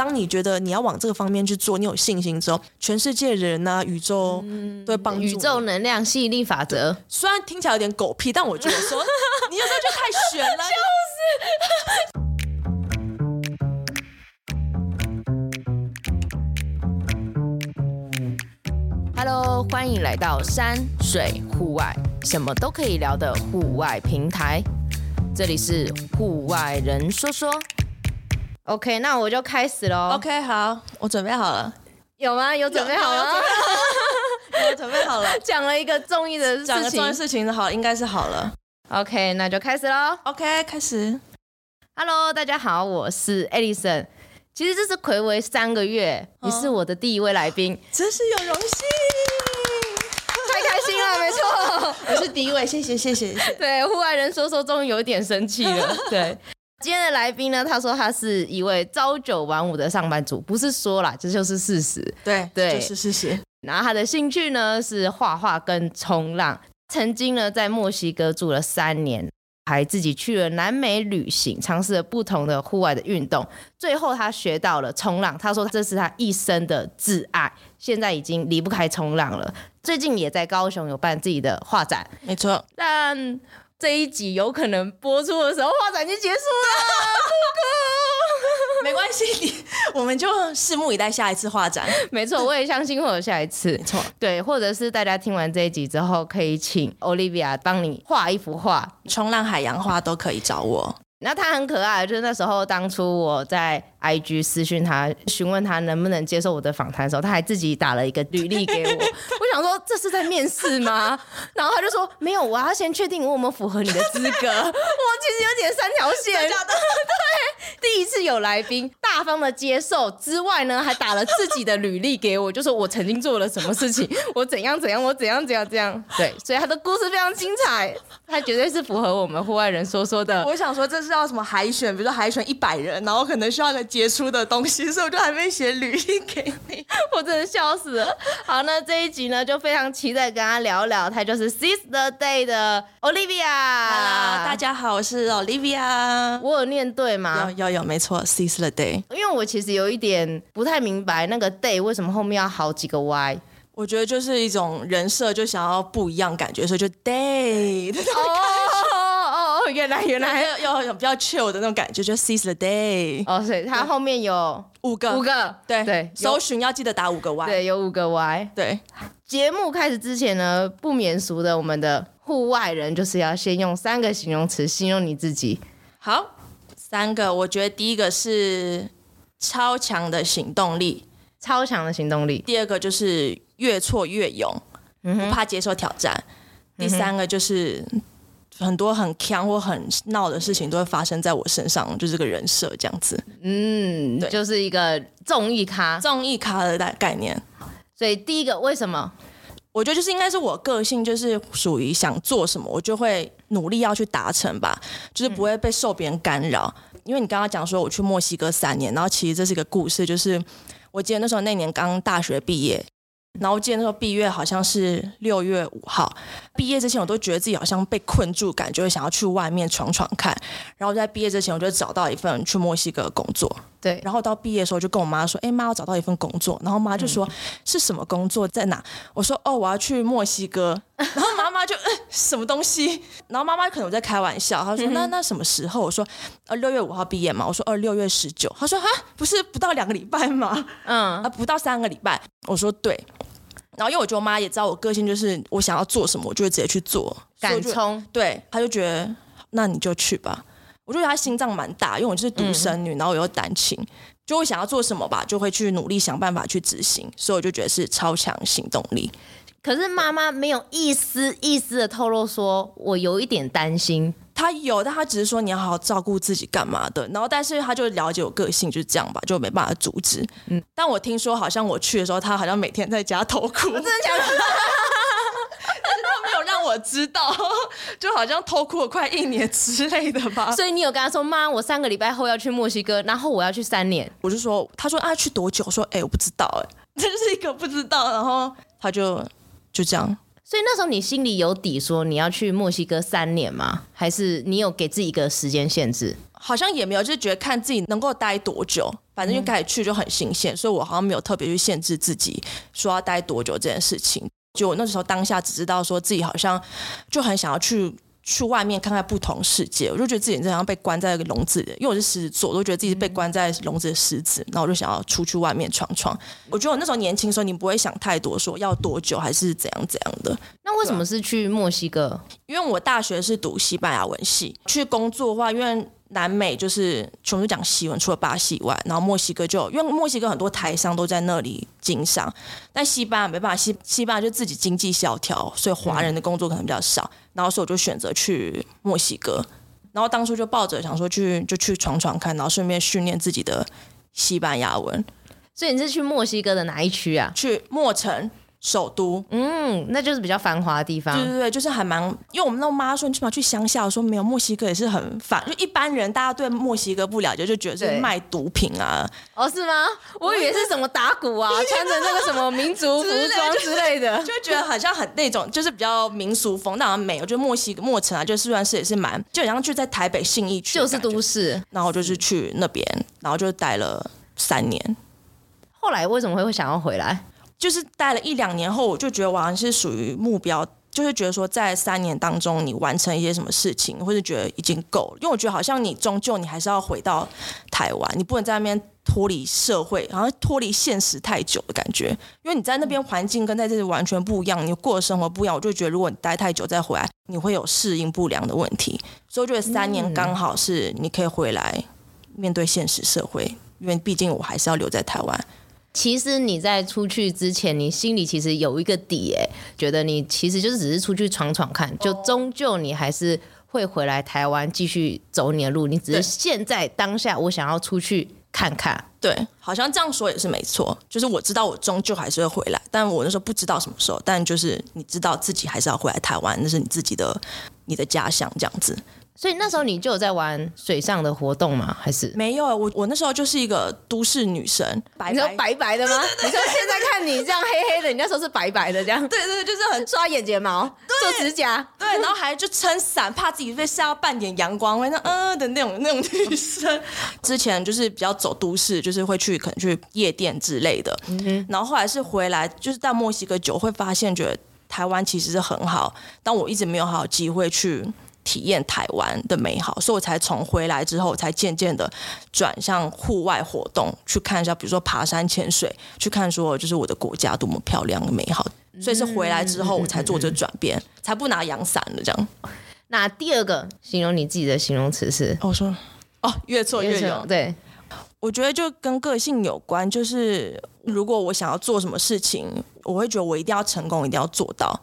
當你覺得你要往這個方面去做，你有信心之後，全世界人啊、宇宙都會幫你。對，宇宙能量吸引力法則，雖然聽起來有點狗屁，但我覺得說， 你有時候就太玄了。 就是。 Hello，歡迎來到山水戶外，什麼都可以聊的戶外平台，這裡是戶外人說說。OK，那我就開始嘍。OK，好，我準備好了。有嗎？有準備好了，我準備好了。講 了， 了一個中意的事情。講個中事情，的好，應該是好了。OK，那就開始嘍。OK，開始。Hello，大家好，我是 Alyson。其實這是暌違三個月、oh.，你是我的第一位來賓，真是有榮幸， 太開心了，沒錯，我是第一位，謝謝謝謝。 對，戶外人說說，終於有點生氣了，對。今天的來賓呢，他說他是一位朝九晚五的上班族，不是說啦，這就是事實。對對，就是事實。然後他的興趣呢是畫畫跟衝浪，曾經呢在墨西哥住了三年，還自己去了南美旅行，嘗試了不同的戶外的運動。最後他學到了衝浪，他說這是他一生的摯愛，現在已經離不開衝浪了。最近也在高雄有辦自己的畫展，沒錯。但這一集有可能播出的時候，畫展就結束了。哥哥，沒關係，我們就拭目以待下一次畫展。沒錯，我也相信會有下一次。沒錯，對，或者是大家聽完這一集之後，可以請 Olivia 幫你畫一幅畫，衝浪、海洋畫都可以找我。那他很可愛，就是那時候當初我在 IG 私訊他，詢問他能不能接受我的訪談的時候，他還自己打了一個履歷給我。我想說這是在面試嗎？ 然後他就說沒有，我要先確定我們符合你的資格。 我其實有點三條線。對， 對，第一次有來賓大方的接受之外呢，還打了自己的履歷給我，就說我曾經做了什麼事情，我怎樣怎樣，我怎樣怎樣這樣。對，所以他的故事非常精彩，他絕對是符合我們戶外人說說的。 我想說這是。知道什麼海選？比如說海選一百人，然後可能需要個傑出的東西，所以我就還沒寫履歷給你， 我真的笑死了。好，那這一集呢，就非常期待跟他聊一聊，他就是 seas the day 的 Olivia。Hello, 大家好，我是 Olivia。我有念對嗎？要有，有，沒錯，seas the day。因為我其實有一點不太明白，那個 day 為什麼後面要好幾個 y。我覺得就是一種人設，就想要不一樣感覺，所以就 day、Oh!。 原來原來有有比較 chill 的那種感覺， 就 seas the day。哦，對，它後面有五個五個，對對，搜尋要記得打五個 Y。對，有五個 Y。對，節目開始之前呢，不免俗的我們的戶外人就是要先用三個形容詞形容你自己。好，三個，我覺得第一個是超強的行動力，超強的行動力。第二個就是越挫越勇，不怕接受挑戰。嗯、第三個就是。嗯很多很強或很鬧的事情都會發生在我身上，就是這個人設這樣子。嗯，對，就是一個綜藝咖，綜藝咖的概念。所以第一個，為什麼？我覺得就是應該是我個性，就是屬於想做什麼，我就會努力要去達成吧，就是不會被受別人干擾。嗯。因為你剛剛講說我去墨西哥三年，然後其實這是一個故事，就是我記得那時候那年剛大學畢業。然後我記得那時候畢業好像是六月五號，畢業之前我都覺得自己好像被困住，感覺想要去外面闖闖看。然後在畢業之前，我就找到一份去墨西哥工作。對，然後到畢業的時候，就跟我媽說：“欸媽，我找到一份工作。”然後媽就說：“嗯，是什麼工作在哪？”我說：“哦，我要去墨西哥。” 然後媽媽就嗯，什麼東西？然後媽媽可能在開玩笑，她說：“嗯、那那什麼時候？”我說：“呃，六月五號畢業嘛。”我說：“呃，六月十九。”她說：“啊，不是不到兩個禮拜嗎？”嗯，啊，不到三個禮拜。我說：“對。”然後因為我覺得媽也知道我個性，就是我想要做什麼，我就會直接去做，敢衝。對，她就覺得那你就去吧。我就覺得她心臟蠻大，因為我就是獨生女，嗯、然後我又擔心就會想要做什麼吧，就會去努力想辦法去執行。所以我就覺得是超強行動力。可是媽媽沒有一絲一絲的透露說，說我有一點擔心。她有，但她只是說你要好好照顧自己，幹嘛的。然後，但是她就了解我個性，就是這樣吧，就沒辦法阻止。嗯。但我聽說，好像我去的時候，她好像每天在家偷哭。我真的假的？ 但是她沒有讓我知道， 就好像偷哭了快一年之類的吧。所以你有跟她說，媽，我三個禮拜後要去墨西哥，然後我要去三年。我就說，她說啊，去多久？我說，哎、欸，我不知道，哎，這是一個不知道。然後她就。就這樣，所以那時候你心裡有底，說你要去墨西哥三年嗎？還是你有給自己一個時間限制？好像也沒有，就是覺得看自己能夠待多久。反正就開始去就很新鮮、嗯，所以我好像沒有特別去限制自己說要待多久這件事情。就我那時候當下只知道說自己好像就很想要去。去外面看看不同世界，我就覺得自己好像被關在一個籠子裡。因為我是獅子座，我都覺得自己是被關在籠子的獅子。然後我就想要出去外面闖闖。我覺得我那時候年輕的時候，你不會想太多，說要多久還是怎樣怎樣的。那為什麼是去墨西哥？對啊。因為我大學是讀西班牙文系，去工作的話，因為。南美就是，全部講西文，除了巴西以外，然後墨西哥就，因為墨西哥很多台商都在那裡經商，但西班牙沒辦法，西西班牙就自己經濟蕭條，所以華人的工作可能比較少，嗯，然後所以我就選擇去墨西哥，然後當初就抱着想說去就去闖闖看，然後順便訓練自己的西班牙文，所以你是去墨西哥的哪一區啊？去墨城。首都，嗯，那就是比較繁華的地方。對對對，就是還蠻，因為我們那媽說，你起碼去鄉下，我說沒有墨西哥也是很繁，就一般人，大家對墨西哥不了解，就覺得是賣毒品啊。哦，是嗎？我以為是什麼打鼓啊， 穿着那個什麼民族服裝之,之類的，就,就覺得好像很那種，就是比較民俗風。那沒有，就 墨西哥，墨城啊，就雖然是也是蠻，就好像就在台北信義區，就是都市。然後就是去那邊，然後就待了三年。後來為什麼會會想要回來？就是待了一兩年後，我就覺得我好像是屬於目標，就是覺得說在三年當中，你完成一些什麼事情，或是覺得已經夠了。因為我覺得好像你終究你還是要回到台灣，你不能在那邊脫離社會，好像脫離現實太久的感覺。因為你在那邊環境跟在這裡完全不一樣，你過的生活不一樣。我就覺得如果你待太久再回來，你會有適應不良的問題。所以我覺得三年剛好是你可以回來面對現實社會，因為畢竟我還是要留在台灣。其實你在出去之前，你心裡其實有一個底、欸，哎，覺得你其實就是只是出去闖闖看，就終究你還是會回來台灣，繼續走你的路。你只是現在當下，我想要出去看看。對，好像這樣說也是沒錯。就是我知道我終究還是會回來，但我那時候不知道什麼時候。但就是你知道自己還是要回來台灣，那是你自己的，你的家鄉這樣子。所以那時候你就有在玩水上的活動嗎？還是沒有？我我那時候就是一個都市女神，白白你知道白白的嗎？ 你說現在看你這樣黑黑的， 你那時候是白白的這樣。對對，對，就是很刷眼睫毛對、做指甲，對，然後還就撐傘， 怕自己被曬到半點陽光，反那嗯的那種那種女生。 之前就是比較走都市，就是會去可能去夜店之類的， 然後後來是回來，就是到墨西哥久會發現覺得台灣其實是很好，但我一直沒有好機會去。體驗台灣的美好，所以我才從回來之後，才漸漸的轉向戶外活動，去看一下，比如說爬山、潛水，去看說就是我的國家多麼漂亮、美好、嗯。所以是回來之後，我才做這轉變、嗯嗯，才不拿陽傘的這樣。那第二個形容你自己的形容詞是，我、哦、說哦，越挫越勇。對，我覺得就跟個性有關。就是如果我想要做什麼事情，我會覺得我一定要成功，一定要做到，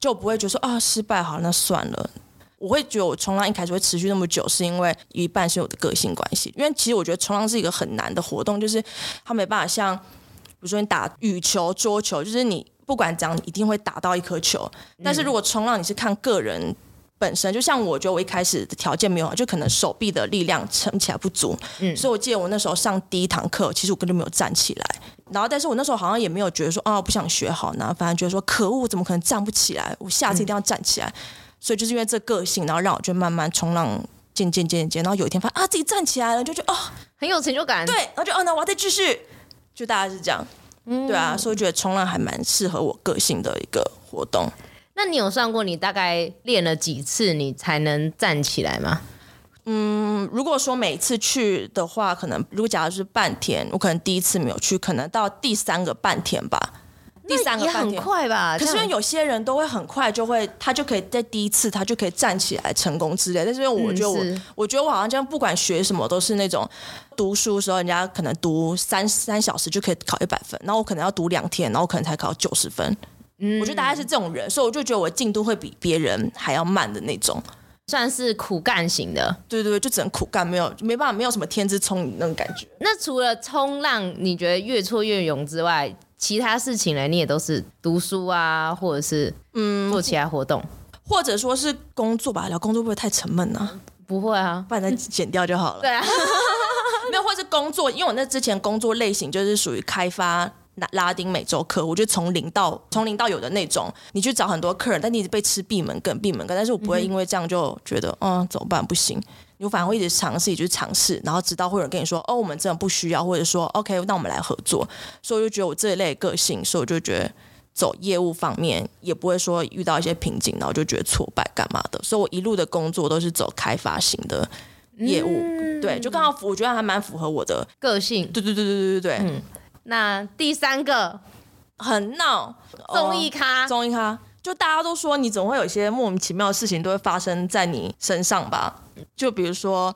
就不會覺得說啊、哦、失敗好，好那算了。我會覺得我衝浪一開始會持續那麼久，是因為一半是我的個性關係。因為其實我覺得衝浪是一個很難的活動，就是它沒辦法像，比如說你打羽球、桌球，就是你不管怎樣，你一定會打到一顆球。但是如果衝浪，你是看個人本身。就像我覺得我一開始的條件沒有好，就可能手臂的力量撐起來不足，嗯，所以我記得我那時候上第一堂課，其實我根本就沒有站起來。然後，但是我那時候好像也沒有覺得說，啊，我不想學好呢，反而覺得說，可惡，怎麼可能站不起來？我下次一定要站起來。嗯。嗯。所以就是因為這個個性，然後讓我就慢慢衝浪，漸漸漸漸，然後有一天發現啊，自己站起來了，就覺得哦，很有成就感。對，然後就哦，那我要再繼續。就大概是這樣，嗯，對啊，所以我覺得衝浪還蠻適合我個性的一個活動。那你有算過你大概練了幾次你才能站起來嗎？嗯，如果說每次去的話，可能如果假如是半天，我可能第一次沒有去，可能到第三個半天吧。第三個很快吧，可是因為有些人都會很快就會，他就可以在第一次他就可以站起來成功之類的。但是因為我覺得我、嗯，我覺得我好像這樣，不管學什麼都是那種讀書的時候，人家可能讀三三小時就可以考一百分，然後我可能要讀兩天，然後可能才考九十分。嗯，我覺得大概是這種人，所以我就覺得我進度會比別人還要慢的那種，算是苦幹型的。對對對，就只能苦幹，沒有沒辦法，沒有什麼天資聰明那種感覺。那除了衝浪，你覺得越挫越勇之外？其他事情呢，你也都是讀書啊，或者是嗯做其他活動、嗯，或者說是工作吧。聊工作會不會太沉悶呢、啊？不會啊，把它剪掉就好了。 對啊， 沒有，或者是工作，因為我那之前工作類型就是屬於開發拉丁美洲客戶，我就從、是、零到從零到有的那種。你去找很多客人，但你一直被吃閉門羹，閉門羹。但是我不會因為這樣就覺得，嗯，嗯，嗯，怎麼辦？不行。你反而會一直嘗試，一直嘗試，然後直到會有人跟你說：“哦，我們真的不需要。”或者說：“OK，那我們來合作。”所以我就覺得我這一類的個性，所以我就覺得走業務方面也不會說遇到一些瓶頸，然後就覺得挫敗幹嘛的。所以我一路的工作都是走開發型的業務，嗯、對，就剛好、嗯、我覺得還蠻符合我的個性。對對對對對對對。嗯、那第三個很鬧綜藝咖，綜、哦、綜藝咖，就大家都說你總會有一些莫名其妙的事情都會發生在你身上吧。就比如說，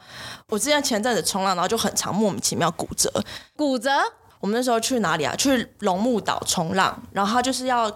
我之前前陣子衝浪，然後就很常莫名其妙骨折。骨折？我們那時候去哪裡啊？去龍目島衝浪，然後就是要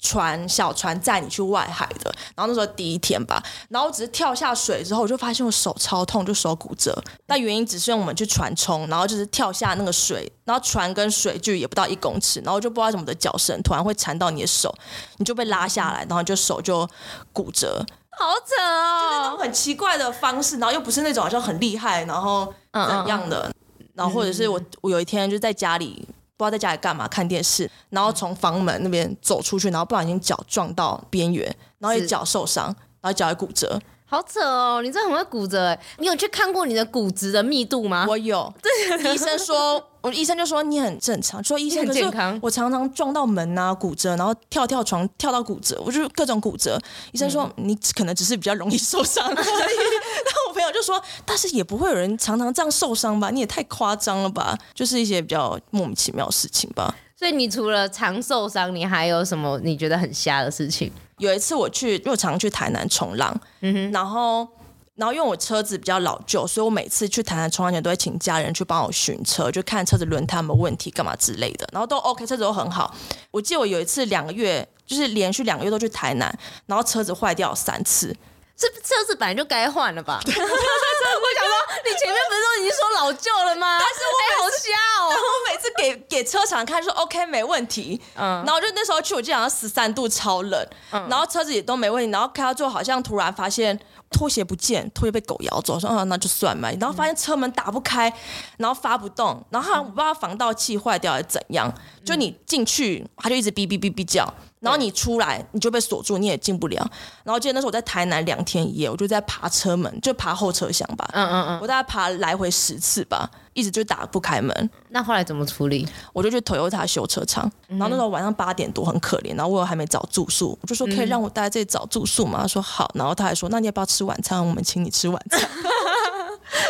船小船載你去外海的。然後那時候第一天吧，然後只是跳下水之後，我就發現我手超痛，就手骨折。那原因只是因爲我們去船衝，然後就是跳下那個水，然後船跟水距離也不到一公尺，然後就不知道怎麼的身，腳繩突然會纏到你的手，你就被拉下來，然後就手就骨折。好扯哦！就是那種很奇怪的方式，然後又不是那種好像很厲害，然後怎樣的，嗯嗯，然後或者是我我有一天就在家裡、嗯、不知道在家裡幹嘛看電視，然後從房門那邊走出去，然後不小心腳撞到邊緣，然後也腳受傷，然後腳還骨折。好扯哦！你這很會骨折耶，你有去看過你的骨質的密度嗎？我有，對，醫生說。 我醫生就說，你很正常，說，醫生可是我常常撞到門吶、啊、骨折，然後跳跳床跳到骨折，我就各種骨折。醫生說，你可能只是比較容易受傷。嗯、 然後我朋友就說，但是也不會有人常常這樣受傷吧？你也太誇張了吧？就是一些比較莫名其妙的事情吧。所以你除了常受傷，你還有什麼你覺得很瞎的事情？有一次我去，因為我常常去台南衝浪，嗯哼，然後。然後因為我車子比較老舊，所以我每次去台南衝完浪都會請家人去幫我巡車，就看車子輪胎有沒有問題幹嘛之類的。然後都 OK，車子都很好。我記得我有一次兩個月，就是連續兩個月都去台南，然後車子壞掉三次。這車子本來就該換了吧？ 我想說，你前面不是都已經說老舊了嗎？但是我、欸、好瞎、哦，我每次給給車廠看說 OK 沒問題，嗯，然後就那時候去，我記得好像十三度超冷、嗯，然後車子也都沒問題，然後開到之後好像突然發現。拖鞋不見，拖鞋被狗咬走，說啊那就算了。然後發現車門打不開，然後發不動，然後我不知道防盜器壞掉還是怎樣，就你進去，它就一直嗶嗶嗶嗶叫。然後你出來，你就被鎖住，你也進不了。然後記得那時候我在台南兩天一夜，我就在爬車門，就爬後車廂吧。嗯嗯嗯。我大概爬來回十次吧，一直就打不開門。那後來怎麼處理？我就去 Toyota 修車廠，嗯。然後那時候晚上八點多，很可憐。然後我還沒找住宿，我就說可以讓我待在這裡找住宿嘛？他、嗯、說好。然後他還說，那你要不要吃晚餐？我們請你吃晚餐。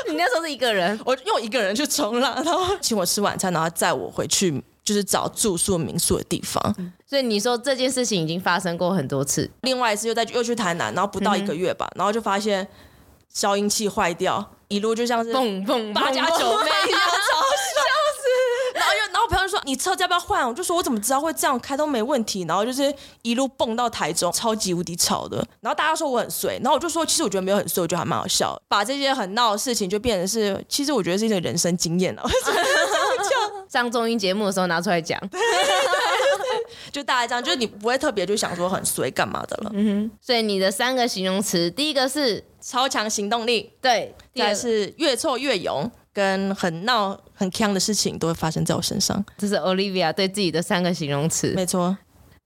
你那時候是一個人，我用一個人去衝浪，然後請我吃晚餐，然後載我回去。就是找住宿民宿的地方、嗯，所以你說這件事情已經發生過很多次。另外一次又在又去台南，然後不到一個月吧，嗯、然後就發現消音器壞掉，一路就像是蹦蹦八加九，妹一樣，超笑死。然後又然後朋友說，你車要不要換？我就說我怎麼知道會這樣，開都沒問題。然後就是一路蹦到台中，超級無敵吵的。然後大家說我很衰，然後我就說其實我覺得沒有很衰，我覺得還蠻好笑的。把這些很鬧的事情就變成是，其實我覺得是一個人生經驗 上綜藝節目的時候拿出來講 就大概這樣，就是你不會特別就想說很衰幹嘛的了。嗯哼，所以你的三個形容詞，第一個是超強行動力，對，第二是越挫越勇，跟很鬧很嗆的事情都會發生在我身上。這是 Olivia 對自己的三個形容詞。沒錯，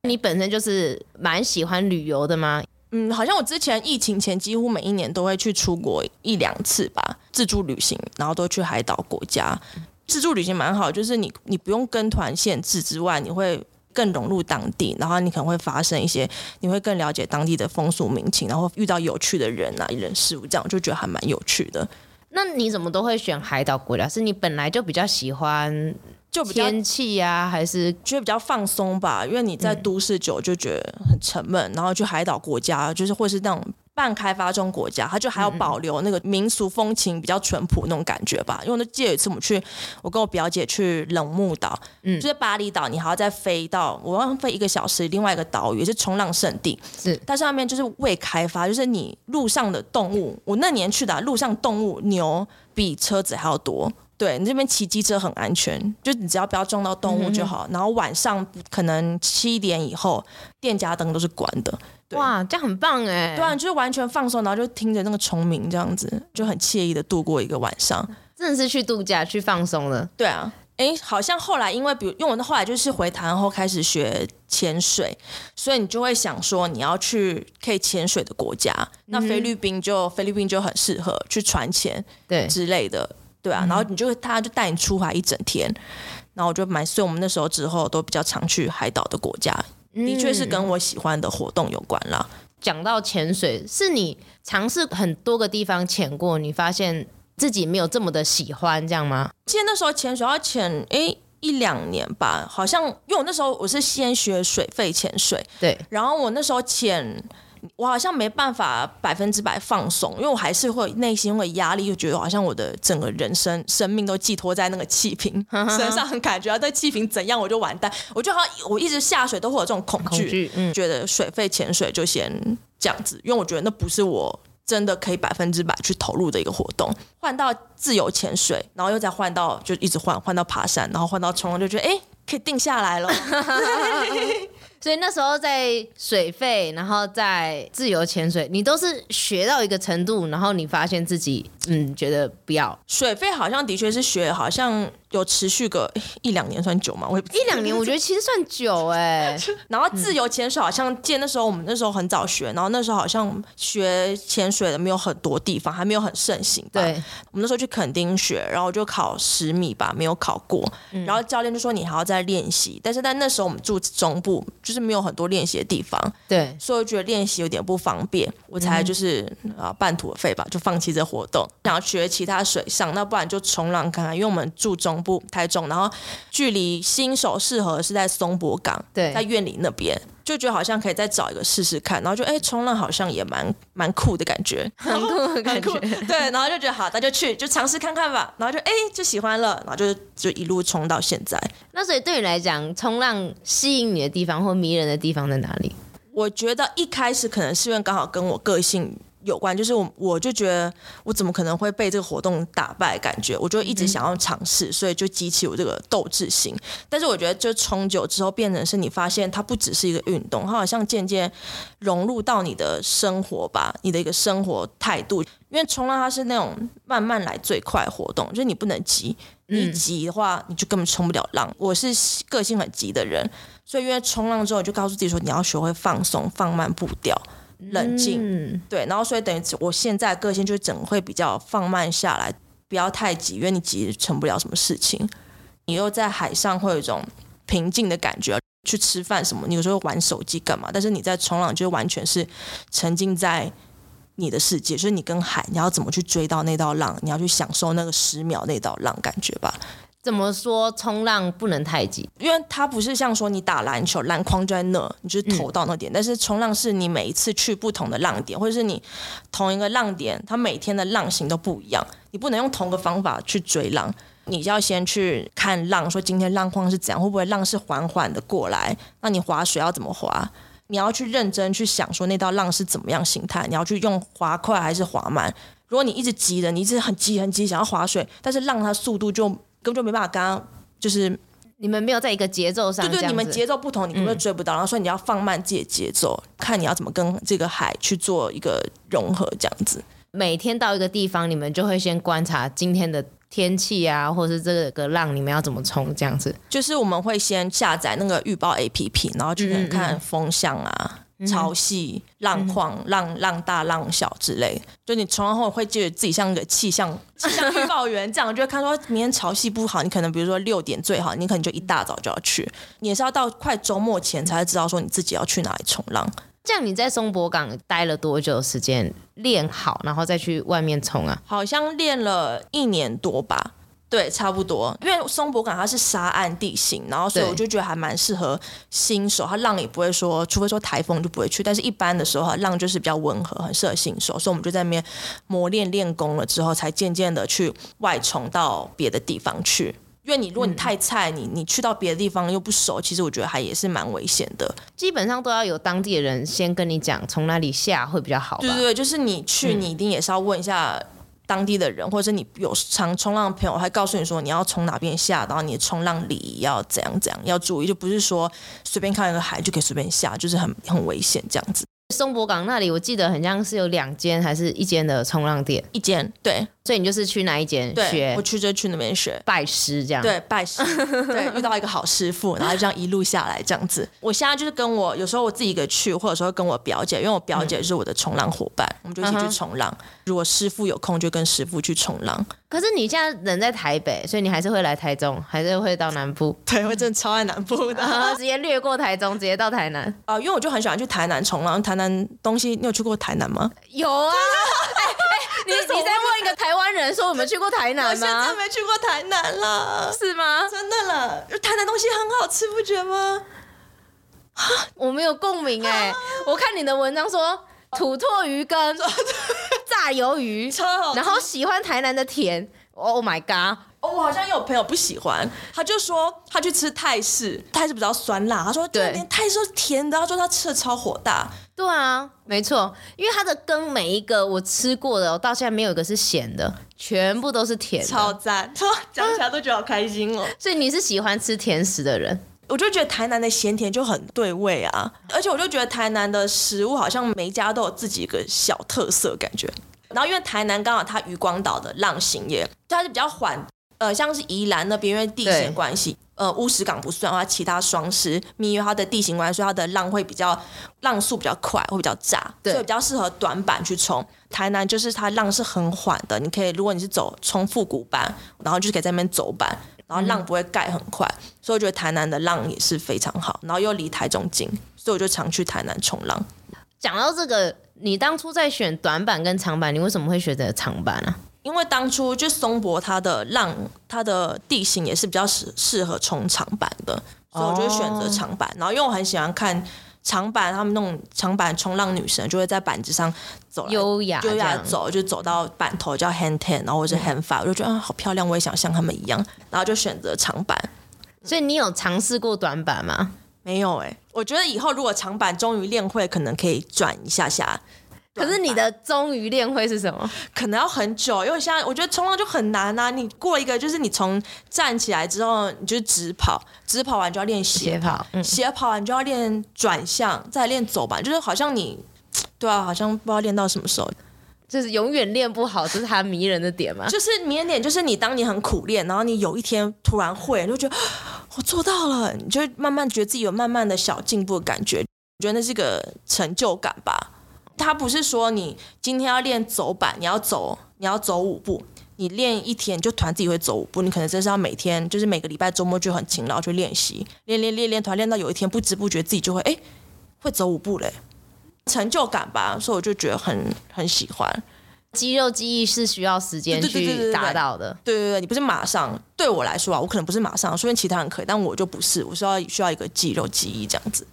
你本身就是蠻喜歡旅遊的嗎？嗯，好像我之前疫情前幾乎每一年都會去出國一兩次吧，自助旅行，然後都去海島國家。嗯自助旅行蠻好，就是你你不用跟團限制之外，你會更融入當地，然後你可能會發生一些，你會更了解當地的風俗民情，然後遇到有趣的人啊、人事物，這樣就覺得還蠻有趣的。那你怎麼都會選海島國家？是你本來就比較喜歡，就天氣啊，還是就覺得比較放鬆吧？因為你在都市久就覺得很沉悶、嗯，然後去海島國家就是會是那種。半開發中國家，它就還要保留那個民俗風情，比較淳樸那種感覺吧。嗯嗯，因為那記得有一次我們去，我跟我表姐去冷木島，嗯，就是巴厘島，你還要再飛到，我要飛一個小時，另外一個島嶼也是衝浪聖地，是，但是上面就是未開發，就是你路上的動物，嗯、我那年去的、啊、路上動物牛比車子還要多，對，你這邊騎機車很安全，就你只要不要撞到動物就好。嗯嗯，然後晚上可能七點以後，店家燈都是關的。哇，這樣很棒哎、欸！對、啊，就是完全放鬆，然後就聽着那個蟲鳴，這樣子就很愜意的度過一個晚上，真的是去度假、去放鬆了。對啊，哎、欸，好像後來因為，比如用我的後來就是回台灣後開始學潛水，所以你就會想說你要去可以潛水的國家，嗯、那菲律賓就菲律賓就很適合去船潛，對之類的對，對啊，然後你就、嗯、他就帶你出海一整天，然後我就買，所以我們那時候之後都比較常去海島的國家。的確是跟我喜歡的活動有關啦。講、嗯、到潛水，是你嘗試很多個地方潛過，你發現自己沒有這麼的喜歡，這樣嗎？其實那時候潛水要潛誒、欸、一兩年吧，好像因為我那時候我是先學水肺潛水，對，然後我那時候潛。我好像沒辦法百分之百放鬆，因為我還是會內心會有壓力，就覺得好像我的整個人生、生命都寄託在那個氣瓶 身上，感覺對氣瓶怎樣我就完蛋。我覺得好像我一直下水都會有這種恐懼、嗯，覺得水肺潛水就先這樣子，因為我覺得那不是我真的可以百分之百去投入的一個活動。換到自由潛水，然後又再換到就一直換，換到爬山，然後換到衝浪，就覺得哎、欸，可以定下來了。 所以那時候在水肺，然後在自由潛水，你都是學到一個程度，然後你發現自己，嗯，覺得不要水肺，好像的確是學，好像。有持續個一兩年算久嗎？我一兩年， 我覺得其實算久哎、欸。 然後自由潛水好像，見、嗯、那時候我們那時候很早學，然後那時候好像學潛水的沒有很多地方，還沒有很盛行。對，我們那時候去墾丁學，然後就考十米吧，沒有考過。然後教練就說你還要再練習，嗯、但是但那時候我們住中部，就是沒有很多練習的地方。對。所以我覺得練習有點不方便，我才就是、嗯、啊半途而廢吧，就放棄這活動。想要學其他水上，那不然就衝浪看看，因為我們住中。不太重，然後距離新手適合是在松柏港，對，在苑裡，那邊就覺得好像可以再找一個試試看，然後就哎、欸、衝浪好像也蠻蠻酷的感覺，很酷的感覺，對，然後就覺得好，那就去就嘗試看看吧，然後就哎、欸、就喜歡了，然後就就一路衝到現在。那所以對你來講，衝浪吸引你的地方或迷人的地方在哪裡？我覺得一開始可能是因為剛好跟我個性。有關，就是我，我就覺得我怎麼可能會被這個活動打敗？感覺我就一直想要嘗試，所以就激起我這個鬥志心。但是我覺得，就衝久之後，變成是你發現它不只是一個運動，它好像漸漸融入到你的生活吧，你的一個生活態度。因為衝浪它是那種慢慢來最快活動，就是你不能急，你急的話你就根本衝不了浪。我是個性很急的人，所以因為衝浪之後，就告訴自己說，你要學會放鬆，放慢步調。冷靜，嗯，對，然後所以等於我現在個性就整會比較放慢下來，不要太急，因為你急成不了什麼事情。你又在海上會有一種平靜的感覺，去吃飯什麼，你有時候玩手機幹嘛？但是你在衝浪就完全是沉浸在你的世界，所以你跟海，你要怎麼去追到那道浪？你要去享受那個十秒那道浪感覺吧。怎麼說衝浪不能太急，因為它不是像說你打籃球，籃筐就在那，你就投到那點，嗯。但是衝浪是你每一次去不同的浪點，或者是你同一個浪點，它每天的浪型都不一樣。你不能用同個方法去追浪，你要先去看浪，說今天浪況是怎樣，會不會浪是緩緩的過來？那你划水要怎麼劃？你要去認真去想說那道浪是怎麼樣形態，你要去用滑快還是滑慢？如果你一直急的，你一直很急很急想要划水，但是浪它速度就。根本就沒辦法剛剛就是對對你們沒有在一個節奏上，對對，你們節奏不同，你們都追不到。然後說你要放慢自己的節奏，看你要怎麼跟這個海去做一個融合，這樣子。每天到一個地方，你們就會先觀察今天的天氣啊，或者是這個浪，你們要怎麼衝，這樣子。就是我們會先下載那個預報 APP，然後去看,看風向啊、嗯。嗯潮汐、浪況、浪浪大浪小之類，就你衝浪後會覺得自己像一個氣象氣象預報員這樣， 就會看說明天潮汐不好，你可能比如說六點最好，你可能就一大早就要去，你也是要到快週末前才會知道說你自己要去哪裡衝浪。這樣，你在松柏港待了多久的時間練好，然後再去外面衝啊？好像練了一年多吧。對，差不多，因為松柏港它是沙岸地形，然後所以我就覺得還蠻適合新手，它浪也不會說，除非說台風就不會去，但是一般的時候它，浪就是比較溫和，很適合新手。所以我們就在那邊磨練練功了之後，才漸漸的去外衝到別的地方去。因為你如果你太菜，嗯、你你去到別的地方又不熟，其實我覺得還也是蠻危險的。基本上都要有當地的人先跟你講從哪裡下會比較好吧。對對對，就是你去你一定也是要問一下。嗯嗯當地的人，或者你有常衝浪的朋友，還告訴你說，你要從哪邊下，然後你衝浪禮儀要怎樣怎樣要注意，就不是說隨便看一個海就可以隨便下，就是很很危險這樣子。松柏港那裡，我記得很像是有兩間還是一間的衝浪店，一間。對，所以你就是去哪一間學？我去就去那邊學，拜師這樣。對，拜師。 對，遇到一個好師傅，然後就這樣一路下來這樣子。 我現在就是跟我有時候我自己一個去，或者說跟我表姐，因為我表姐是我的衝浪夥伴，嗯，我們就一起去衝浪，嗯。如果師傅有空，就跟師傅去衝浪。可是你現在人在台北，所以你還是會來台中，還是會到南部？對，我真的超愛南部的，然、 啊、直接略過台中，直接到台南。哦、呃，因為我就很喜歡去台南衝浪，台南東西，你有去過台南嗎？有啊， 欸欸、你你在問一個台灣人，說我們去過台南嗎、啊？我現在真沒去過台南啦，是嗎？真的啦，台南東西很好吃，不覺得嗎？ 我沒有共鳴哎、欸。我看你的文章說土魠魚羹。 大魷魚，然後喜歡台南的甜。Oh my god！我好像有朋友不喜歡，他就說他去吃泰式，泰式比較酸辣。他說對，泰式是甜的，他說他吃的超火大。對啊，沒錯，因為它的羹每一個我吃過的，我到現在沒有一個是鹹的，全部都是甜的。超讚，說講起來都覺得好開心哦、喔。 所以你是喜歡吃甜食的人？我就覺得台南的鹹甜就很對味啊，而且我就覺得台南的食物好像每一家都有自己一個小特色感覺。然後因為台南剛好它漁光島的浪型也，就它是比較緩，呃像是宜蘭那邊因為地形關係，呃烏石港不算話，話其他雙獅、蜜月它的地形關係，它的浪會比較浪速比較快，會比較炸對，所以比較適合短板去衝。台南就是它浪是很緩的，你可以如果你是走衝復古板，然後就是可以在那邊走板。然後浪不會蓋很快，嗯，所以我覺得台南的浪也是非常好。然後又離台中近，所以我就常去台南衝浪。講到這個，你當初在選短板跟長板，你為什麼會選擇長板啊？因為當初就松柏它的浪，它的地形也是比較適適合衝長板的，所以我就選擇長板。哦、然後因為我很喜歡看。長板，他們那種長板衝浪女神就會在板子上走，優雅走，就走到板頭叫 hand ten 然後或者 hand five，、嗯、就覺得啊好漂亮，我也想像他們一樣，然後就選擇長板。所以你有嘗試過短板嗎？嗯、沒有哎、欸，我覺得以後如果長板終於練會，可能可以轉一下下。可是你的終於練會是什麼？可能要很久，因為現在我覺得衝浪就很難吶、啊。你過一個就是你從站起來之後你就直跑，直跑完就要練斜跑，斜、嗯、跑完就要練轉向，再練走板，就是好像你對啊，好像不知道練到什麼時候，就是永遠練不好，這、就是它迷人的點嘛？就是迷人點就是你當你很苦練，然後你有一天突然會，你就覺得我做到了，你就慢慢覺得自己有慢慢的小進步的感覺，我覺得那是一個成就感吧。他不是說你今天要練走板，你要走，你要走五步，你練一天就團自己會走五步，你可能真是要每天，就是每個禮拜周末就很勤勞去練習，練練練練團，練到有一天不知不覺自己就會哎，會走五步嘞，成就感吧，所以我就覺得很很喜歡。肌肉記憶是需要時間去達到的，對對，對對對，你不是馬上，對我來說啊，我可能不是馬上，說不定其他人可以，但我就不是，我是要需要一個肌肉記憶這樣子。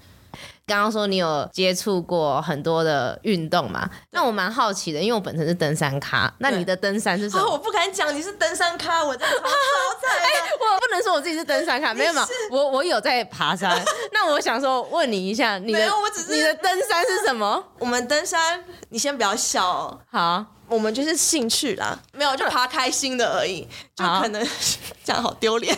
剛剛說你有接觸過很多的運動嘛？那我蠻好奇的，因為我本身是登山咖。那你的登山是什麼？我不敢講你是登山咖，我在好菜、啊。哎、啊欸，我不能說我自己是登山咖，啊、沒有嘛？我我有在爬山。 那我想說問你一下，你的沒有我只是你的登山是什麼？我們登山，你先不要笑。好，我們就是興趣啦，沒有就爬開心的而已，就可能、嗯、這樣好丟臉。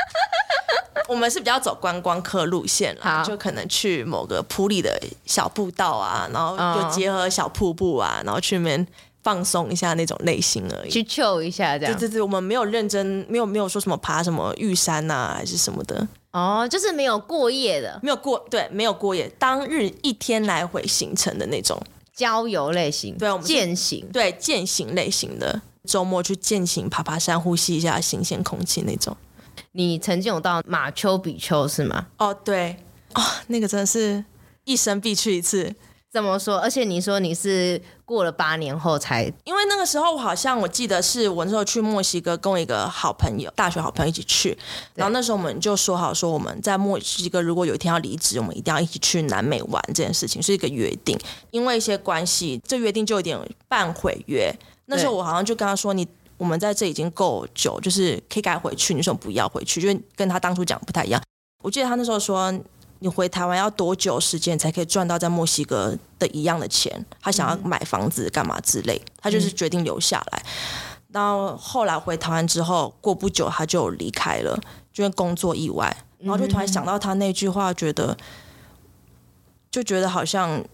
我們是比較走觀光客路線了，就可能去某個瀑裡的小步道啊，然後就結合小瀑布啊，哦、然後去那邊放鬆一下那種類型而已。去秀一下，這樣。對對對，我們沒有認真，沒有沒有說什麼爬什麼玉山吶、啊，還是什麼的。哦，就是沒有過夜的，沒有過對，沒有過夜，當日一天來回行程的那種郊遊類型。對，我們健行，對健行類型的週末去健行，爬爬山，呼吸一下新鮮空氣那種。你曾經有到馬丘比丘是嗎？哦，對，哦，那個真的是一生必去一次。怎麼說？而且你說你是過了八年後才，因為那個時候我好像我記得是我那時候去墨西哥，跟我一個好朋友，大學好朋友一起去，然後那時候我們就說好說我們在墨西哥如果有一天要離職，我們一定要一起去南美玩這件事情是一個約定。因為一些關係，這約定就有點半毀約。那時候我好像就跟他說你。我們在這已經夠久，就是可以改回去。你說不要回去，就跟他當初講不太一樣。我記得他那時候說，你回台灣要多久時間才可以賺到在墨西哥的一樣的錢？他想要買房子幹嘛之類，他就是決定留下來。那、嗯、後，後來回台灣之後，過不久他就離開了，就是工作意外。然後就突然想到他那句話，覺得就覺得好像。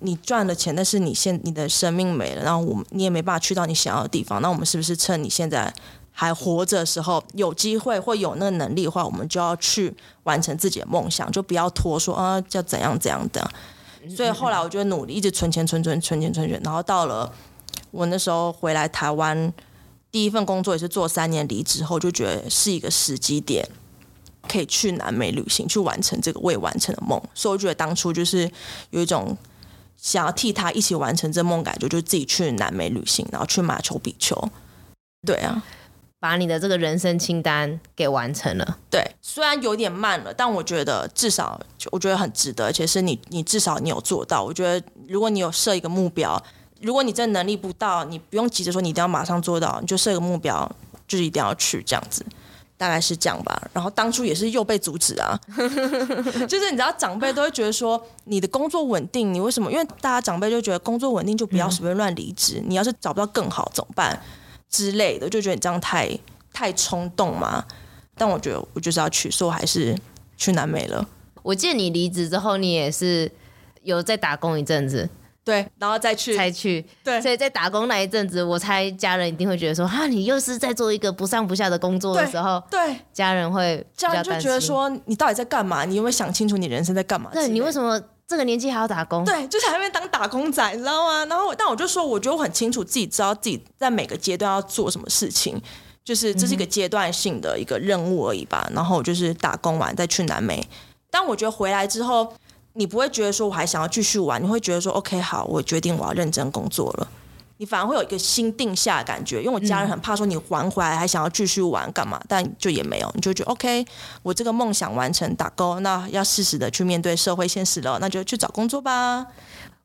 你賺了錢，但是你現你的生命沒了，然後我你也沒辦法去到你想要的地方。那我們是不是趁你現在還活着的時候，有機會或有那個能力的話，我們就要去完成自己的夢想，就不要拖說啊，叫怎樣怎樣的。所以後來我就努力一直存錢存存，存存存錢，存錢，然後到了我那時候回來台灣，第一份工作也是做三年，離職後就覺得是一個時機點，可以去南美旅行，去完成這個未完成的夢。所以我覺得當初就是有一種。想要替他一起完成這夢，感覺就是、自己去南美旅行，然後去馬丘比丘。對啊，把你的這個人生清單給完成了。對，雖然有點慢了，但我覺得至少，我覺得很值得，而且是你，你至少你有做到。我覺得，如果你有設一個目標，如果你這能力不到，你不用急着說你一定要馬上做到，你就設個目標，就是一定要去這樣子。大概是這樣吧，然後當初也是又被阻止啊。 就是你知道長輩都會覺得說，你的工作穩定，你為什麼？因為大家長輩就覺得工作穩定就不要隨便亂離職，你要是找不到更好怎麼辦之類的，就覺得你這樣太太衝動嘛。但我覺得我就是要去，所以我還是去南美了。我見你離職之後，你也是有在打工一陣子。對，然後再去，再去，對，所以在打工那一陣子，我猜家人一定會覺得說，啊，你又是在做一個不上不下的工作的時候，對，對，家人會，家人就覺得說，你到底在幹嘛？你有沒有想清楚你人生在幹嘛？那你為什麼這個年紀還要打工？對，就是還在當打工仔，你知道嗎？然後，但我就說，我覺得我很清楚自己知道自己在每個階段要做什麼事情，就是這是一個階段性的一個任務而已吧。嗯，然後就是打工完再去南美，但我覺得回來之後。你不會覺得說我還想要繼續玩，你會覺得說 OK 好，我決定我要認真工作了。你反而會有一個心定下的感覺，因為我家人很怕說你玩回來還想要繼續玩幹嘛，嗯、但就也沒有，你就覺得 OK，我這個夢想完成打勾，Go. 那要適時的去面對社會現實了，那就去找工作吧。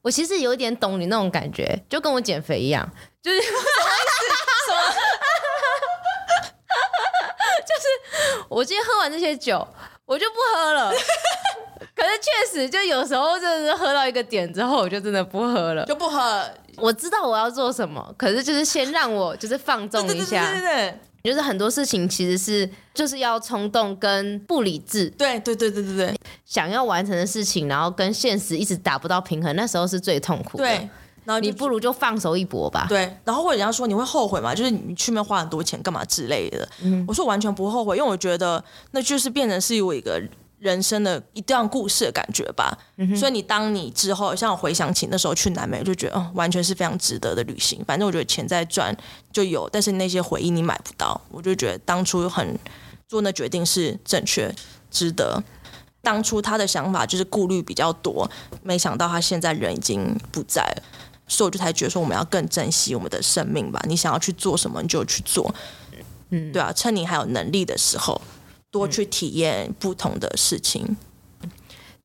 我其實有點懂你那種感覺，就跟我減肥一樣，就是 就是我今天喝完這些酒，我就不喝了。 可是確實，就有時候就是喝到一個點之後，我就真的不喝了，就不喝。我知道我要做什麼，可是就是先讓我就是放縱一下。 對，對，對，對對對就是很多事情其實是就是要衝動跟不理智。對對對對對對，對，想要完成的事情，然後跟現實一直達不到平衡，那時候是最痛苦的。對，然後你不如就放手一搏吧。對，然後或者人家說你會後悔嗎？就是你去面花很多錢幹嘛之類的。嗯，我說我完全不後悔，因為我覺得那就是變成是我一個。人生的一段故事的感覺吧，嗯、所以你當你之後像我回想起那時候去南美，就覺得哦、呃，完全是非常值得的旅行。反正我覺得錢再賺就有，但是那些回憶你買不到。我就覺得當初很做那決定是正確、值得。當初他的想法就是顧慮比較多，沒想到他現在人已經不在了。所以我就才覺得說我們要更珍惜我們的生命吧。你想要去做什麼，你就去做，嗯，對啊，趁你還有能力的時候。多去體驗不同的事情。嗯，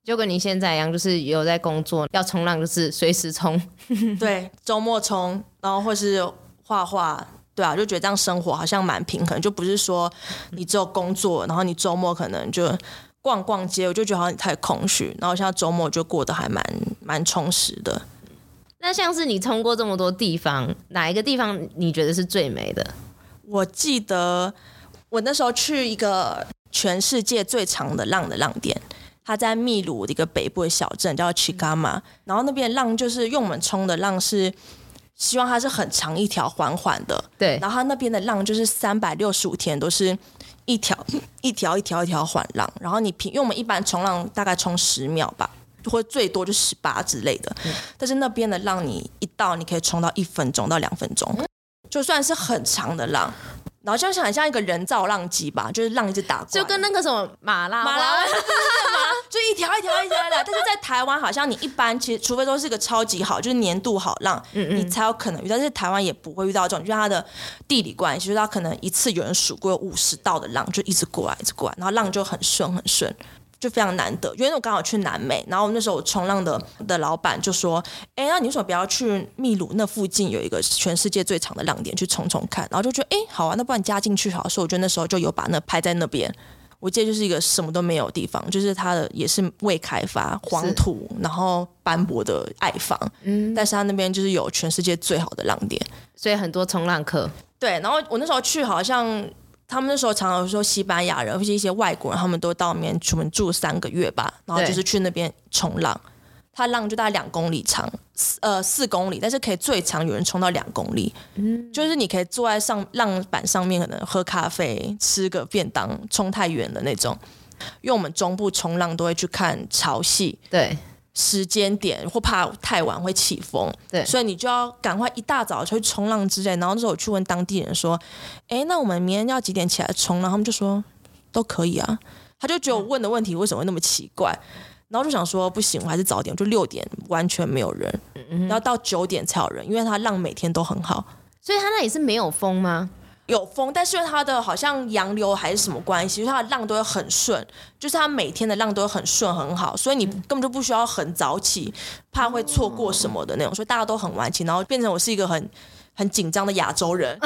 就跟你現在一樣，就是有在工作，要衝浪就是隨時衝， 對，周末衝，然後或是畫畫，對啊，就覺得這樣生活好像蠻平衡，可能就不是說你只有工作，然後你周末可能就逛逛街，我就覺得好像你太空虛。然後像周末就過得還蠻蠻充實的。那像是你衝過這麼多地方，哪一個地方你覺得是最美的？我記得我那時候去一個。全世界最長的浪的浪點，它在秘魯的一個北部的小鎮叫奇嘎馬，然後那邊的浪就是用我們衝的浪是，希望它是很長一條緩緩的，對，然後它那邊的浪就是三百六十五天都是一條一條一條一條緩浪，然後你平，因為我們一般衝浪大概衝十秒吧，就會最多就十八之類的，但是那邊的浪你一到你可以衝到一分鐘到兩分鐘，就算是很長的浪。然後就是很像一個人造浪機吧，就是浪一直打過，就跟那個什麼馬拉馬拉馬，就一條一條一條的。 但是在台灣好像你一般其實除非都是一個超級好，就是年度好浪，嗯嗯你才有可能遇到。但是台灣也不會遇到這種，就是它的地理關係，就是它可能一次有人數過五十道的浪，就一直過來一直過來，然後浪就很順很順。就非常難得，因為我剛好去南美，然後那時候我衝浪的的老板就說：“哎，那你為什麼不要去秘魯那附近有一個全世界最長的浪點去衝衝看？”然後就覺得：“哎，好啊，那不然加進去好了。”所以我覺得那時候就有把那拍在那邊。我記得就是一個什麼都沒有的地方，就是它的也是未開發黃土，然後斑駁的矮房。嗯，但是它那邊就是有全世界最好的浪點，所以很多衝浪客。對，然後我那時候去好像。他們那時候常常說西班牙人或者一些外國人，他們都到那邊出門住三個月吧，然後就是去那邊衝浪。它浪就大概兩公里長，呃，四公里，但是可以最長有人衝到兩公里，嗯，就是你可以坐在上浪板上面，可能喝咖啡、吃個便當，衝太遠的那種。因為我們中部衝浪都會去看潮汐，對。時間點或怕太晚會起風，對，所以你就要趕快一大早就去衝浪之類。然後那時候我去問當地人說：“哎、欸，那我們明天要幾點起來衝浪？”他們就說：“都可以啊。”他就覺得我問的問題為什麼會那麼奇怪，然後就想說：“不行，我還是早點。”就六點完全沒有人，嗯、然後到九點才有人，因為他浪每天都很好，所以他那裡是沒有風嗎？有風，但是因為它的好像洋流還是什麼關係，就是它的浪都會很順，就是它每天的浪都會很順很好，所以你根本就不需要很早起，怕會錯過什麼的那種，嗯，所以大家都很晚起，然後變成我是一個很很緊張的亞洲人，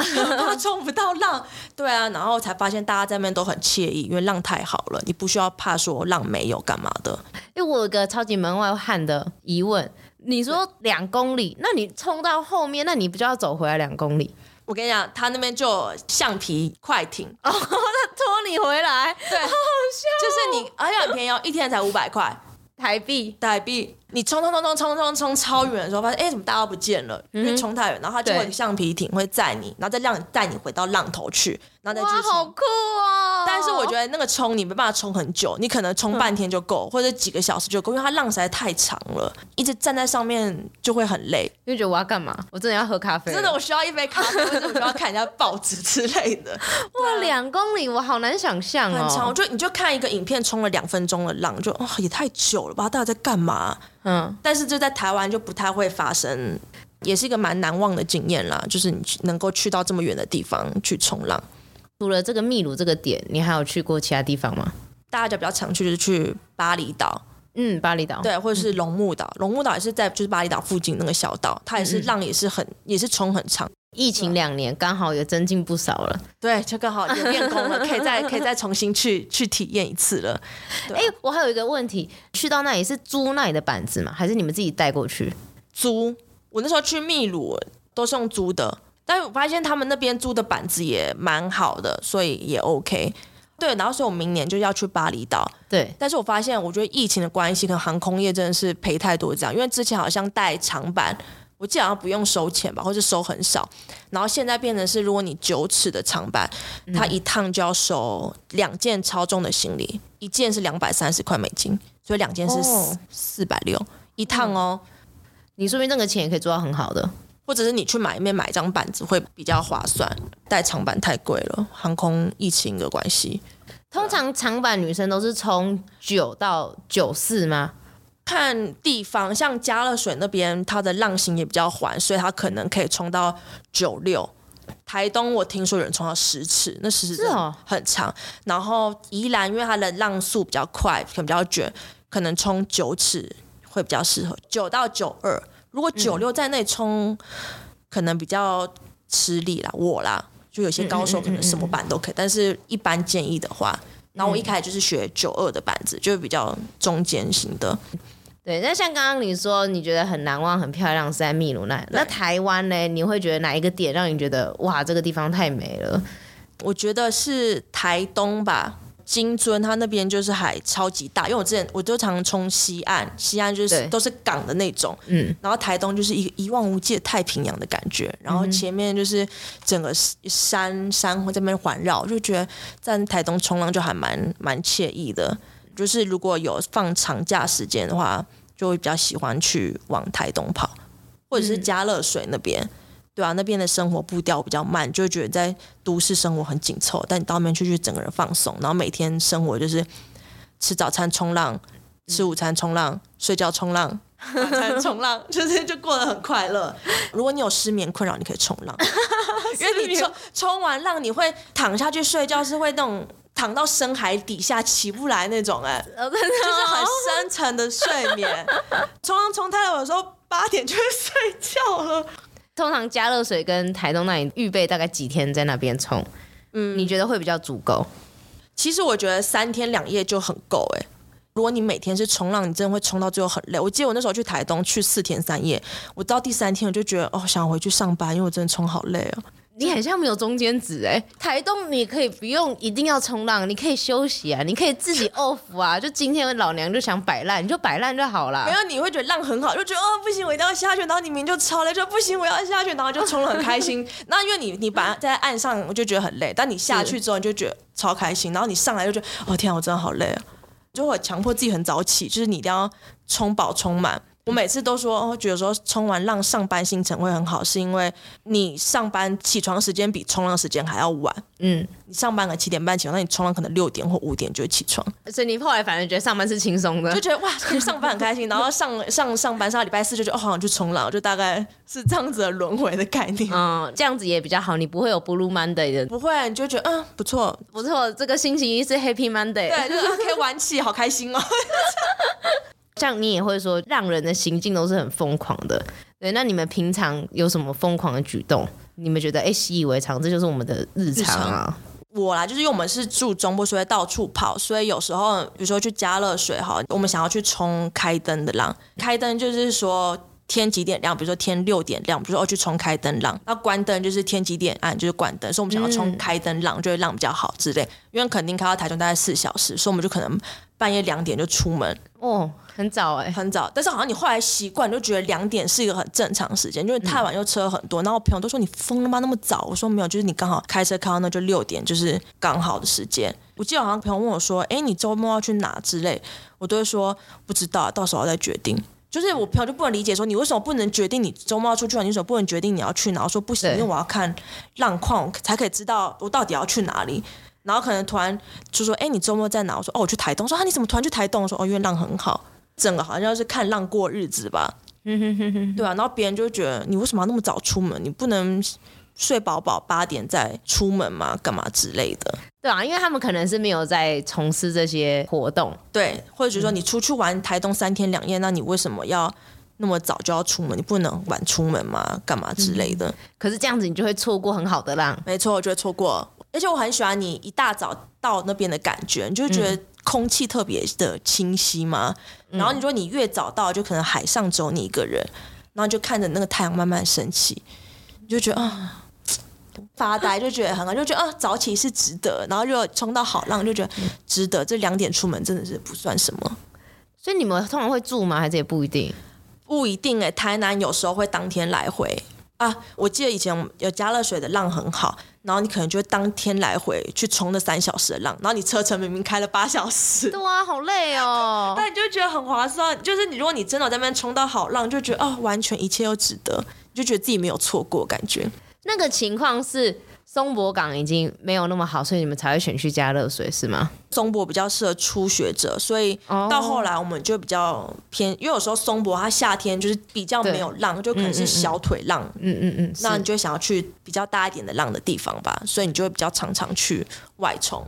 衝不到浪，對啊，然後才發現大家在那邊都很愜意，因為浪太好了，你不需要怕說浪沒有幹嘛的。因為我有個超級門外漢的疑問，你說兩公里，那你衝到後面，那你不就要走回來兩公里？我跟你講，他那邊就橡皮快艇，哦、他拖你回來，對，好好笑，哦，就是你，而且很便宜，一天才五百塊台幣，台幣。你衝衝衝衝衝衝衝超遠的時候，發現哎、欸，怎麼大家都不見了？嗯、因為衝太遠，然後它就會橡皮艇會載你，然後再讓你帶你回到浪頭去，然後再繼續衝。好酷啊、哦！但是我覺得那個衝你沒辦法衝很久，你可能衝半天就夠、嗯，或者幾個小時就夠，因為它浪實在太長了，一直站在上面就會很累。因為覺得我要幹嘛？我真的要喝咖啡？真的，我需要一杯咖啡， 或者我需要看人家報紙之類的。哇，兩、啊、公里，我好難想象很長，我、哦、就你就看一個影片兩，衝了兩分鐘的浪就哇、哦，也太久了吧？大家在幹嘛？嗯，但是就在台灣就不太會發生，也是一個蠻難忘的經驗啦。就是你去能夠去到這麼遠的地方去衝浪，除了這個秘魯這個點，你還有去過其他地方嗎？大家就比較常去就是去巴厘島，嗯，巴厘島對，或者是龍目島，龍目島也是在就是巴厘島附近那個小島，它也是浪也是很嗯，嗯，也是衝很長。疫情兩年，剛、嗯、好也增進不少了。對，就剛好也變空了， 可以再可以再重新去去體驗一次了。哎、啊欸，我還有一個問題，去到那裡是租那裡的板子嗎？還是你們自己帶過去？租，我那時候去祕魯都是用租的，但是我發現他們那邊租的板子也蠻好的，所以也 OK。對，然後所以我明年就要去巴厘島。對，但是我發現，我覺得疫情的關係，跟航空業真的是賠太多這樣，因為之前好像帶長板。我記得好像不用收錢吧，或是收很少。然後現在變成是，如果你九尺的長板，嗯，它一趟就要收兩件超重的行李，一件是兩百三十塊美金，所以兩件是四四百六一趟哦。嗯、你說不定那個錢也可以做到很好的，或者是你去買一面買一張板子會比較划算。帶長板太貴了，航空疫情的關係。通常長板女生都是從九到九四嗎？看地方，像佳樂水那邊，它的浪形也比較緩，所以它可能可以衝到九六。台東我聽說有人衝到十尺，那十尺很長是，哦。然後宜蘭因為它的浪速比較快，可能比較捲，可能衝九尺會比較適合。九到九二，如果九六在內衝，嗯，可能比較吃力啦。我啦，就有些高手可能什麼板都可以、嗯嗯嗯嗯，但是一般建議的話，然後我一開始就是學九二的板子，就比較中間型的。對，那像剛剛你說，你覺得很難忘、很漂亮，是在秘魯那。那台灣呢？你會覺得哪一個點讓你覺得哇，這個地方太美了？我覺得是台東吧，金樽，它那邊就是海超級大，因為我之前我都常衝西岸，西岸就是都是港的那種，嗯。然後台東就是一一望無際的太平洋的感覺，然後前面就是整個山山在那邊環繞，就覺得在台東衝浪就還蠻蠻愜意的。就是如果有放長假時間的話，就會比較喜歡去往台東跑，或者是佳樂水那邊，嗯，對啊，那邊的生活步調比較慢，就會覺得在都市生活很緊湊，但你到那邊去，就整個人放鬆，然後每天生活就是吃早餐衝浪，吃午餐衝浪，嗯、睡覺衝浪。衝 浪，就是就過得很快樂。如果你有失眠困擾，你可以衝浪， 因為你衝完浪你會躺下去睡覺，是會那種躺到深海底下起不來的那種，欸，哎， 就是很深層的睡眠。衝浪衝太陽的時候，八點就會睡覺了。通常加熱水跟台東那裡預備大概幾天在那邊衝？嗯，你覺得會比較足夠？其實我覺得三天兩夜就很夠，欸，哎。如果你每天是衝浪，你真的會衝到最後很累。我記得我那時候去台東，去四天三夜，我到第三天我就覺得哦，想回去上班，因為我真的衝好累哦、啊。你很像沒有中間值哎、欸，台東你可以不用一定要衝浪，你可以休息啊，你可以自己餓 f 啊。 就今天老娘就想擺爛，你就擺爛就好了。沒有，你會覺得浪很好，就覺得哦不行，我一定要下去。然後你明就超累，就不行，我要下去。然後就衝了很開心。那 因為你你把在岸上我就覺得很累，但你下去之後你就覺得超開心。然後你上來就覺得哦天、啊，我真的好累啊。就會強迫自己很早起，就是你一定要充飽、充滿。我每次都說、哦，覺得說衝完浪上班心情會很好，是因為你上班起床時間比衝浪時間還要晚。嗯，你上班可能七點半起床，那你衝浪可能六點或五點就會起床。所以你後來反而覺得上班是輕鬆的，就覺得哇，上班很開心。 然後上上上班，上到禮拜四就覺得哦，好想去衝浪，就大概是這樣子的輪迴的概念。嗯，這樣子也比較好，你不會有 Blue Monday 的，不會，你就覺得嗯不錯，不錯，這個星期一是 Happy Monday，對，就是、啊、可以玩起，好開心哦。 像你也會說，讓人的行徑都是很瘋狂的。對，那你們平常有什麼瘋狂的舉動？你們覺得哎，習以為常，這就是我們的日常啊日常。我啦，就是因為我們是住中部，所以在到處跑，所以有時候比如說去佳樂水哈，我們想要去衝開燈的浪。開燈就是說天幾點亮，比如說天六點亮，比如說哦去衝開燈浪。那關燈就是天幾點暗，就是關燈。所以我們想要衝開燈浪，嗯、就會浪比較好之類。因為墾丁開到台中大概四小時，所以我們就可能半夜兩點就出門。哦。很早欸，很早，但是好像你後來習慣，就覺得兩點是一個很正常的時間，因為太晚又車很多。嗯。然後我朋友都說你瘋了嗎？那麼早？我說沒有，就是你剛好開車開到那就六點，就是剛好的時間。我記得好像朋友問我說：“欸，你周末要去哪？”之類，我都會說不知道，到時候要再決定。就是我朋友就不能理解，說你為什麼不能決定你周末要出去玩？你為什麼不能決定你要去哪？我說不行，因為我要看浪況才可以知道我到底要去哪裡。然後可能突然就說：“欸，你周末在哪？”我說：“哦，我去台東。”說：“啊，你怎麼突然去台東？”我說：“哦，因為浪很好。”整個好像是看浪過日子吧， 對啊。然後別人就覺得你為什麼要那麼早出門？你不能睡飽飽八點再出門嘛？幹嘛之類的？對啊，因為他們可能是沒有在從事這些活動，對，或者說你出去玩台東三天兩夜，嗯，那你為什麼要那麼早就要出門？你不能晚出門嘛？幹嘛之類的，嗯？可是這樣子你就會錯過很好的浪。沒錯，我覺得錯過，而且我很喜歡你一大早到那邊的感覺，你就覺得，嗯。空氣特別的清晰嗎，然後你說你越早到，就可能海上只有你一個人，嗯、然後就看着那個太陽慢慢升起，你就覺得啊發呆，就覺得很好，就覺得啊早起是值得，然後又衝到好浪，就覺得、嗯、值得。這兩點出門真的是不算什麼，所以你們通常會住嗎？還是也不一定？不一定誒、欸，台南有時候會當天來回啊。我記得以前有加熱水的浪很好。然後你可能就當天來回去衝那三小時的浪，然後你車程明明開了八小時，對啊，好累哦。 但你就覺得很划算，就是你如果你真的在那邊衝到好浪，就覺得啊、哦，完全一切都值得，你就覺得自己沒有錯過感覺。那個情況是。松柏港已經沒有那麼好，所以你們才會選去加熱水是嗎？松柏比較適合初學者，所以到後來我們就比較偏、哦，因為有時候松柏它夏天就是比較沒有浪，就可能是小腿浪。嗯嗯嗯。那你就想要去比較大一點的浪的地方吧，所以你就會比較常常去外衝。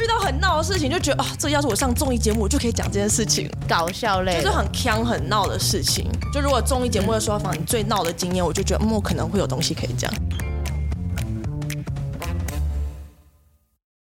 遇到很鬧的事情，就覺得啊，這要是我上綜藝節目，我就可以講這件事情，搞笑嘞，就是很鏘很鬧的事情。就如果綜藝節目的時候，嗯、你最鬧的經驗，我就覺得嗯，我可能會有東西可以講。